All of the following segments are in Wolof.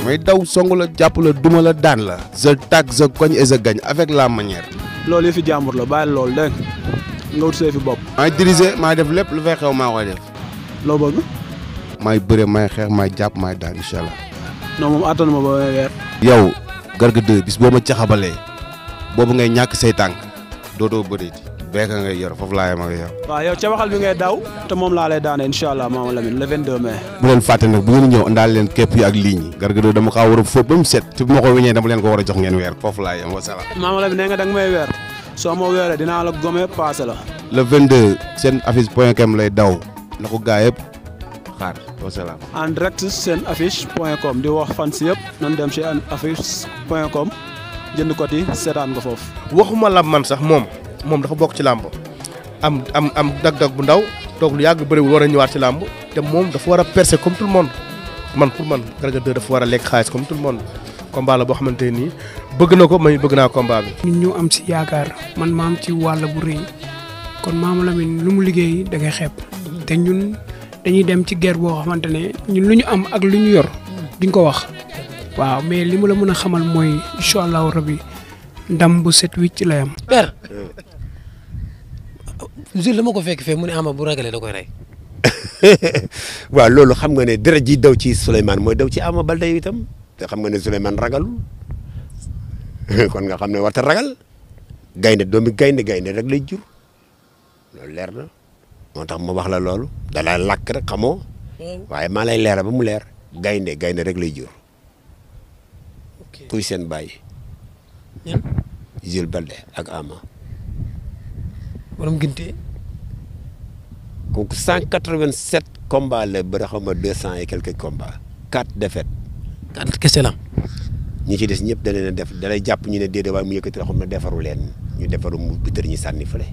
mooy daw song la jàpp la duma la daan la sa tag je cogne et je gagne avec la manière. loolu fi jàmbur la bàyyi loolu dégg nga wut see fi bopp. maay diriger maay def lépp lu fay xew maa koy def. loo bëgg. maay bëre maay xeex maay jàpp maay daan incha allah. non moom attanu ma ba weer. yow Garga 2 bis boo ma caxabalee boobu ngay ñàkk say tànk dootoo bëreeti. beek ngay yor foofu laa yem waaw yow ca waxal bi ngay daw te moom laa lay daane incha allah maama Lamine le 22 mai. bu leen fàtte nag bu ngeen ñëw andaal leen képp yi ak ligne yi. Garga dama kaa war a fóot ba mu set. te bu ma ko weñee dama leen ko war a jox ngeen weer foofu laa yem wa salaam. maama Lamine nee nga danga may weer soo ma weeree dinaa la gome paase la. le seen affiche point com lay daw na ko gaa yëpp xaar wa salaam. en direct seen affiche point com di la man sax moom. moom dafa bokk ci làmb am am am dag-dag bu ndaw toog lu yàgg bëriwul war a ñëwaat ci làmb te moom dafa war a perse comme tout le man pour man Garga 2 dafa war a lekk xaalis comme tout le monde combat la boo xamante nii bëgg na ko may bëgg naa combat bi. ñun ñu am si yaakaar man ma am ci wàll bu rëy kon Mama Lamine lu mu liggéey da ngay xeeb te ñun dañuy dem ci guerre boo xamante ne ñun lu ñu am ak lu ñu yor duñ ko wax waaw mais li mu la mën a xamal mooy incha allahu rabi ndam bu set wicc lay am. père Jules dama ko fekk fee mu ne Ama bu ragalee da koy rey. waaw loolu xam nga ne deret ji daw ci Souleymane mooy daw ci Ama Baldé itam te xam nga ne Souleymane ragalul kon nga xam ne warta ragal gaynde doomi gaynde gaynde rek la jur loolu leer na moo tax ma wax la loolu dalaa làkk rek xamoo hmm. waaye maa lay leera ba mu leer gaynde gaynde rek lay jur kuy seen baay Jules Balde ak Ama. borom Ginte. kooku 187 combats la ba xam ne cent et quelques combats. 4 defet 4 kese la. ñi ci des ñëpp da leen def da jàpp ñu ne déedéet waaye mu yëkkati loo xam ne defaru leen ñu defaru mu bitër ñu sànni fële.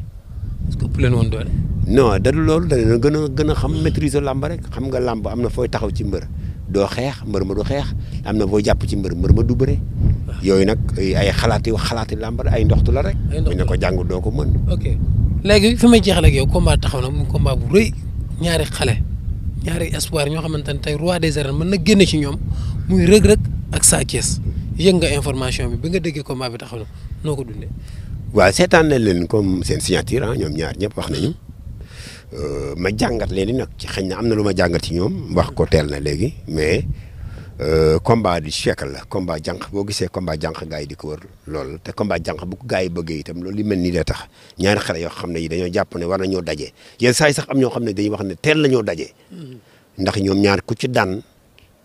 est leen woon doole. non da loolu da leen gën a gën a xam maîtriser làmb rek xam nga làmb am na fooy taxaw ci mbër doo xeex mbër ma du xeex am na fooy jàpp ci mbër mbër ma du bëre. yooyu nag ay xalaati xalaati làmb ay ndoxtu la rek. ay ndoxtu la buñ ko jàngut doo ko mën. ok léegi fi may jeexal ak yow combat taxaw na mu combat bu rëy ñaari xale ñaari espoir ñoo xamante ne tey roi des arènes mën na génne ci ñoom muy rëg-rëg ak Sa Thiès yëg nga information bi bi nga déggee combat bi taxaw na noo ko dundee. waaw seetaan nañ leen comme seen signature ah ñoom ñaar ñëpp wax nañu mm-hmm. euh, ma jàngat leen ni nag ci xëy na am na lu ma jàngat ci ñoom wax ko teel na léegi mais. Euh, combat du siècle la combat jànq boo gisee combat jànq gars yi di ko wër loolu te combat jànq bu ko gars yi bëggee itam loolu li mel nii day tax ñaari xale yoo xam ne yi dañoo jàpp ne war nañoo daje yenn saa yi ñoo xam ne dañuy wax ne teel la ñoo daje. Mm. ndax ñaar ku ci daan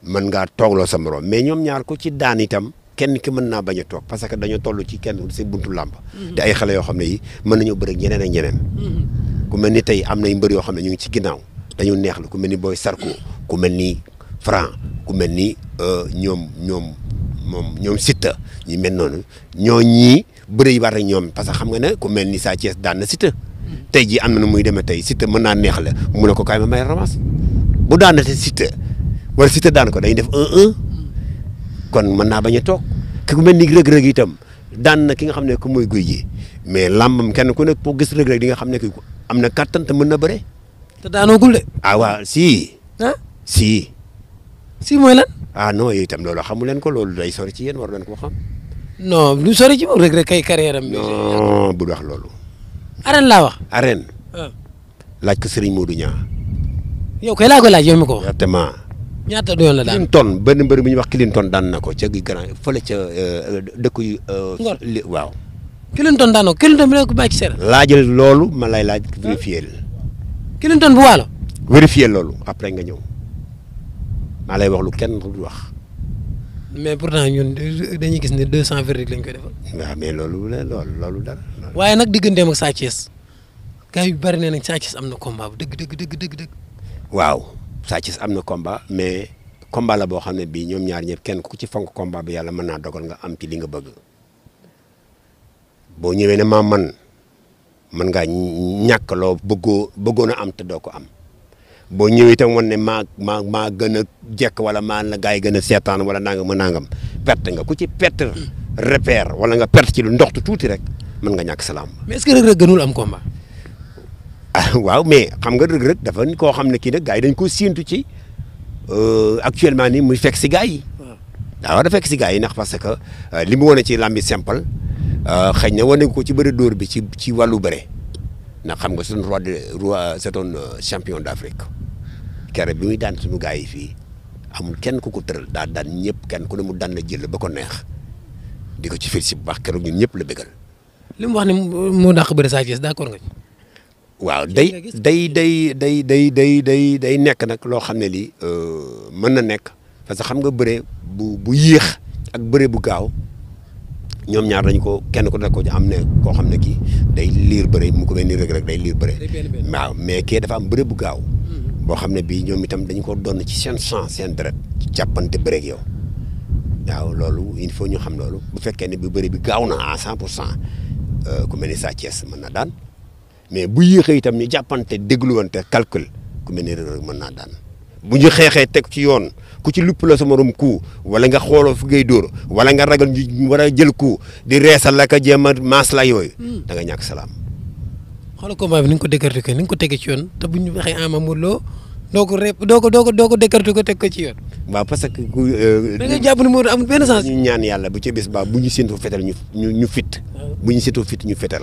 mën ngaa toogloo sa morom mais ñoom ñaar ku ci daan itam kenn ki mën naa bañ toog parce que dañoo toll ci kenn si buntu làmb mm. te ay xale yoo xam ne yi mën nañoo bëri ñeneen ak mm. ku mel ni tey am nay mbër yoo xam ne ñu ngi ci ginnaaw dañu neex la ku mel ni booy sarko ku mel ni franc ku mel ni euh, ñoom ñoom moom ñoom Siteu ñi mel noonu ñoo ñii bëri war ak ñoom parce que xam nga ne ku mel ni Sa Thiès daan na Siteu tey ji am na nu muy demee tey Siteu mën naa neex mu ne ko kaay ma may revanche bu daanate Siteu wala Siteu daan ko dañuy def un kon mën naa bañ a toog ku mel ni rëg-rëg itam daan na ki nga xam ne ku muy guy ji mais làmbam kenn ku nekk pour gis rëg-rëg di nga xam ne am na kattan te mën na bëre. te daanoogul de. ah si. ah si. si mooy lan. ah non yooyu itam loolu xamu leen ko loolu day sori ci yéen war leen ko xam. noo lu sore ci moom rek kay kar am. non bu wax loolu. arène laa wax. arène. Ah. laaj ko Serigne Modou Niang. yow kay laa ko laaj yow mi ko wax. exactement. ñaata doon la daal benn mbër bu ñuy wax Clinton daan na ko ca grand fële ca euh, euh, dëkk yu. Euh, Ngor waaw. Clinton daan na ko Clinton bi la ko bàyyi ci seera. loolu ma lay laaj ah. vérifier la. Clinton bu waalo. vérifier loolu après nga ñëw. maa lay wax lu kenn du wax. mais pourtant ñun dañuy gis ne deux cent verdict lañ koy defal. waaw mais loolu la loolu loolu dara. waaye nag digganteem ak Sa Thiès gars yu bari nee nañ Sa Thiès am na combat bu dëgg dëgg dëgg dëgg. waaw Sa Thiès am na combat mais combat la boo xam ne bii ñoom ñaar ñëpp kenn ku ci fonk combat bi yàlla mën naa dogal nga am ci li nga bëgg boo ñëwee ne maa man mën ngaa ñàkk loo bëggoo bëggoon a am te doo ko am. boo ñëwee itam wan ne maa maa maa gën jekk wala maa la gaa yi gën a seetaan wala nangam ma nangam perte nga ku ci perte repère wala nga perte ci lu ndoxtu tuuti rek mën nga ñàkk salaam. mais est-ce que Reug Reug gënul am combat. ah waaw mais xam nga Reug Reug dafa koo xam ne kii nag gaa yi dañ ko séentu ci euh, actuellement nii muy fek si gaa yi. waaw da fekk si gaa ah. yi ndax parce que euh, li mu wane ci làmbi simple euh, xëy na wane ko ci bëri dóor bi ci ci wàllu bëre. ndax xam nga suñu roi de roi c'est euh, champion d'Afrique kere bi muy daan suñu gars yi fii amul kenn ku ko tëral daa daan ñëpp kenn ku ne dan daan la jël ba ko neex di ko ci fii si bu baax keroog ñun ñëpp la bëggal. li mu wax ni moo dàq bëri Sa Thiès d'accord nga. waaw day day day day day day day day nekk nag loo xam ne lii euh, mën na nekk parce que xam nga bëre bu bu yéex ak bëre bu gaaw. ñoom ñaar dañ ko kenn ku nekk ko am ne koo xam ne kii day liir bëre mu ko mel ni rek rek day liir bëre waaw mais kii dafa am bëre bu gaaw mm-hmm. boo xam ne bii ñoom itam dañu ko donn ci seen sang seen deret ci jàppante bëre ak yow waaw loolu il faut ñu xam loolu bu fekkee ne bu bëre bi gaaw na à cent pour cent euh, ku mel ni Sa Thiès mën na daan mais bu yéexee itam ñu jàppante dégluwante calcul ku mel ni rek mën naa daan bu ñu xeexee teg ci yoon ku ci lupp la sa morom ku wala nga xooloo fu ngay door wala nga ragal ñu war a jël ku di reesal la ka jéem a maas la yooyu. Hmm. da nga ñàkk salaam. xoolal combat bi ni nga ko décortiquer ni ko tege ci yoon te bu ñu waxee Ama Modou Lo doo ko rep doo ko doo ko doo ko teg ko ci yoon. waaw parce que. Euh, da ngay jàpp ne moo amul benn sens. ñu ñaan yàlla bu ci bis ba bu ñu séntu fetal ñu ñu fit. Ah. bu ñu séntu ñu fetal.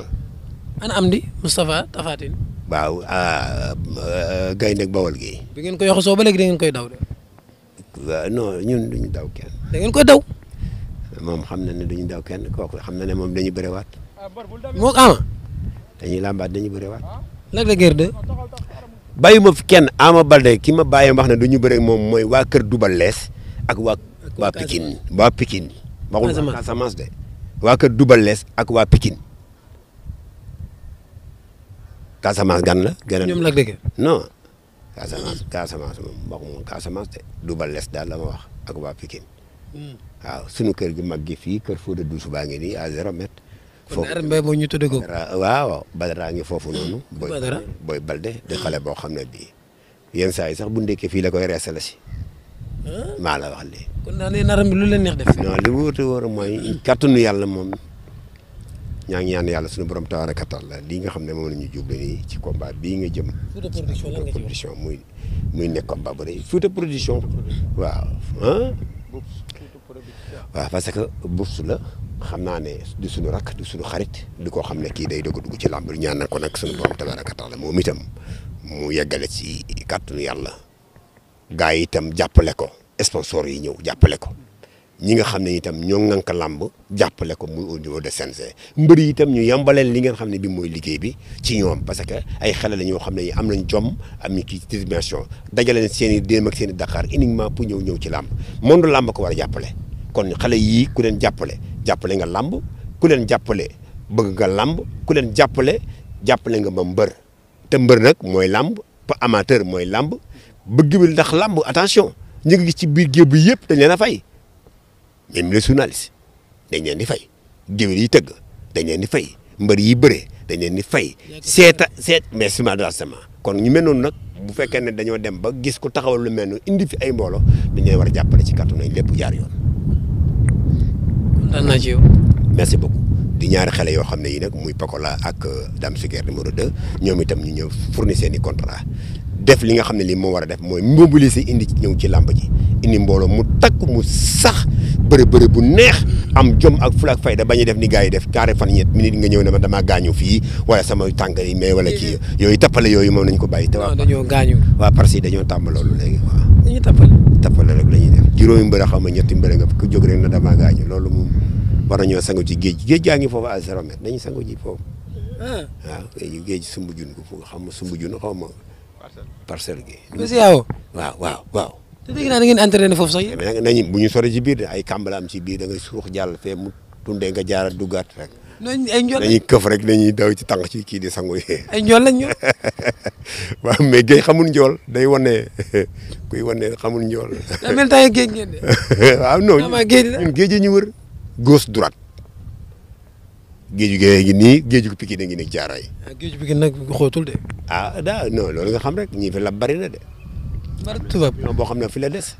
ana Amdi Moustapha Tapha Tine. waaw ah, euh, gaynde Bawol gi. bi ngeen koy yoxasoo ba lek da ngeen koy daw de. waaw non ñun duñu daw kenn. da ngeen koy daw. moom xam na ne duñu daw kenn kooku xam na ne moom dañu bëriwaat. moo ama. dañuy làmbaat dañu bëriwaat. Lac de Guiers 2. bàyyi ma fi kenn Ama Baldé ki ma bàyyi wax ne du ñu bëri moom mooy waa Kër Double Less ak waa. waa Pikine waa Pikine. Casamance waxul Casamance de. waa Kër Double Less ak waa Pikine. Casamance gan la. gën a ñoom la dëgg. non de Duba les daal la ma wax ak waa Pikine. Hmm. waaw sunu kër gi mag gi fii kër Fodé Doussou baa ngi nii à zéro mètre. ko. waaw Badara ngi foofu noonu. Hmm. Badara Balde di boo xam ne bii yenn yi sax bu ndekkee fii la ko reesale si. Hmm. maa la wax lii. kon daal nee leen neex def. non li wuute wóor mooy kattanu yàlla moom. ñaa ngi ñaan yàlla suñu borom tabaaraka taala lii nga xam ne moom la ñu jublu nii ci combat bii nga jëm. Fouta production muy muy nekk combat bu rëy Fouta production. waaw ah. parce que su la xam naa ne du suñu rakk du suñu xarit du koo xam ne kii day doog dugg ci làmb ñaan na ko nag suñu borom tabaaraka taala moom itam mu yeggale ci kàttanu yàlla. gaa yi itam jàppale ko sponsor yi ñëw jàppale ko. ñi nga xam ne itam ñoo ŋànk làmb jàppale ko muy au de CNG mbër yi itam ñu yembaleel li nga xam ne bi mooy liggéey bi ci ñoom parce que ay xale la ñoo xam ne am nañ jom am ñu ci détermination dajale leen seeni i déem ak seen i Dakar ñëw ñëw ci làmb monde làmb ko war a jàppale kon xale yii ku leen jàppale jàppale nga làmb ku leen jàppale bëgg nga làmb ku leen jàppale jàppale nga ma mbër te mbër nag mooy lamb pa amateur mooy làmb bëgg bi ndax làmb attention ñu ngi ci biir géew bi yëpp dañ leen a fay même les journalistes dañ leen di fay géwél yi tëgg dañ leen di fay mbër yi bëre dañ leen di fay seeta seet mais ciment d'asement kon ñu mel noonu nag bu fekkee ne dañoo dem ba gis ku taxawal lu mel noonu indi fi ay mbooloo dañ war a jàppale ci kàttu nañ jaar yoon kontaan naa ci yow di ñaari xale yoo xam ne yi nag muy Pokola ak euh, Dame Suguer numéro de ñoom itam ñu ñëw fournir seen i contrat def li nga xam ne lii moo war a def mooy mobiliser indi ñëw ci làmb ji indi mbooloo mu takk mu sax bëre bëre bu neex am jom ak fula ak fayda bañuy def ni gars yi def carré fan ñett minute nga ñëw ne ma damaa gaañu fii wala sama tànk yi mais wala kii yooyu tappale yooyu moom nañ ko bàyyi. te waa dañoo gaañu. waa parce que dañoo tàmm loolu léegi la ñuy def juróomi xam nga ñetti mbër nga ko jóg rek na damaa gaañu loolu moom war nañoo sangu ci géej géej gaa ngi foofu à zéro mètre dañuy sangu ji foofu ah. waaw léegi géej sumbu jun ko xam nga sumbu jun xaw ma parcelle gi waaw waaw te dégg naa da ngeen entraîné foofu sax yéen. nañu bu ñu sore ci biir de ay kàmbalaam ci biir da ngay suux jàll fee mu tundee nga jaaral duggaat rek. noonu ay njool dañuy këf rek dañuy daw ci tànk ci kii di sangu ay njool lañ ñoom. waaw mais géej xamul njool day wane kuy wane xamul njool. daa mel ni géej ngeen de. waaw géej ñu wër. gauche droite. géeju géej gi nii géeju Pikine da ngi nekk jaaraay. ah géeju de. ah daa non loolu nga xam rek ñii fi la bari na de. maratuba boo xam ne fi la des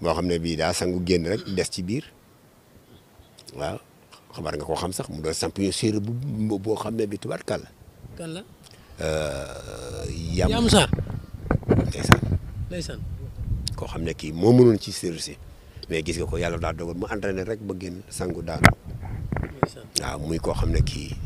boo xam ne bii daa sangu génn rek des ci biir waaw xabar nga koo xam sax mu doon champion séeréer bu boo xam ne bi tubarkàlla. kan la. Euh, Yam Sarr. ndeysaan. ndeysaan. koo xam ne kii moo mënul ci séeréer si mais gis nga ko yàlla daa dogal mu entraîné rek ba génn sangu daanu. waaw muy koo xam ne kii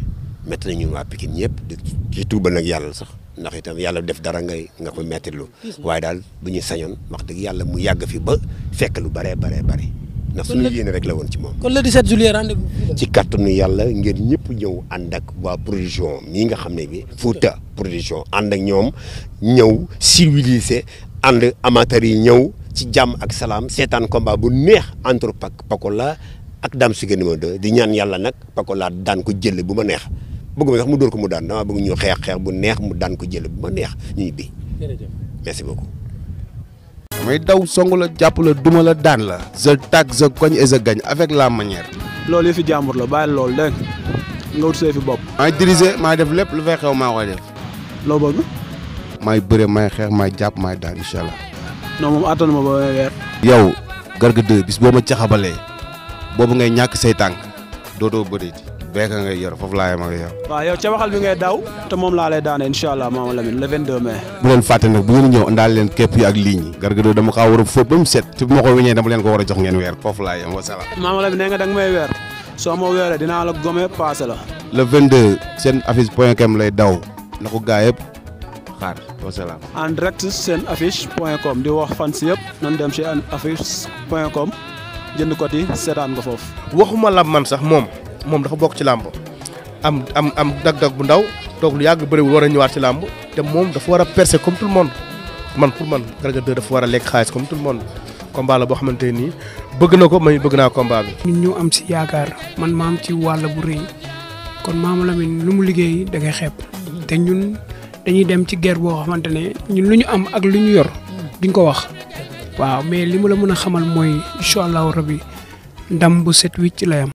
métti nañu waa Pikine ñëpp di ci tuubal nag yàlla sax. ndax itam yàlla def dara ngay nga ko mettitlu waaye daal bu ñu sañoon wax dëgg yàlla mu yàgg fi ba fekk lu baree baree bari ndax suñu yéene rek la woon ci moom. kon le 17 juillet rendez-vous ci kàttanu yàlla ngeen ñëpp ñëw ànd ak waa production mii nga xam ne bi Fouta ànd ak ñoom ñëw civilisé ànd amateurs yi ñëw ci jàmm ak salaam seetaan combat bu neex entre pak Pac Pacola ak Dame Siguen numéro 2 di ñaan yàlla nag Pacola daan ko jël bu ma neex. bëgguma sax mu dóor ko mu daan damaa bëgg ñu xeex xeex bu neex mu daan ko jël bu ma neex ñu ñibbi. jërëjëf merci beaucoup. damay daw song la jàpp la duma la daan la. sa tag je cogne et je gagne avec la manière. loolu yëfi jàmbur la bàyyi loolu dégg nga wut see fi bopp. maay diriger maay def lépp lu fay xew maa koy def. loo bëgg. may bëre may xeex maay jàpp maay daan incha allah. non moom attanu ma ba weer. yow Garga 2 bis boo ma caxabalee boobu ngay ñàkk say tànk dootoo bëreeti. beeka ngay yor foofu laa yem ak yow. waaw yow ca waxal bi ngay daw te moom laa lay daane incha allah maama Lamine le 22 mai. bu leen fàtte nag bu ngeen ñëw ndaal leen képp yi ak ligne yi. Garga 2 dama kaa war a fóot ba mu set. te bu ma ko weñee dama leen ko war a jox ngeen weer foofu laa yem wa salaam. maama Lamine nee nga danga may weer soo ma weeree dinaa la gome paase la. le 22 seen affiche point com lay daw na ko gaa yëpp xaar wa salaam. en direct seen affiche point com di wax fan si yëpp nan dem si affiche point com jënd ko ti seetaan ko foofu. waxuma la man sax moom. moom dafa bokk ci làmb am am am dag-dag bu ndaw toog lu yàgg bëriwul war a ñëwaat ci làmb te moom dafa war a percer comme tout le man pour man Garga 2 dafa war a lekk xaalis comme tout le monde combat la boo xamante nii bëgg na ko may bëgg naa combat bi. ñun am si yaakaar man ma am ci wàll bu rëy kon Mama mi lu mu liggéey da ngay xeeb te ñun dañuy dem ci ger boo xamante ne ñun lu ñu am ak lu ñu yor duñ ko wax waaw mais li mu la mën a xamal mooy incha allahu rabi ndam bu set wicc lay am.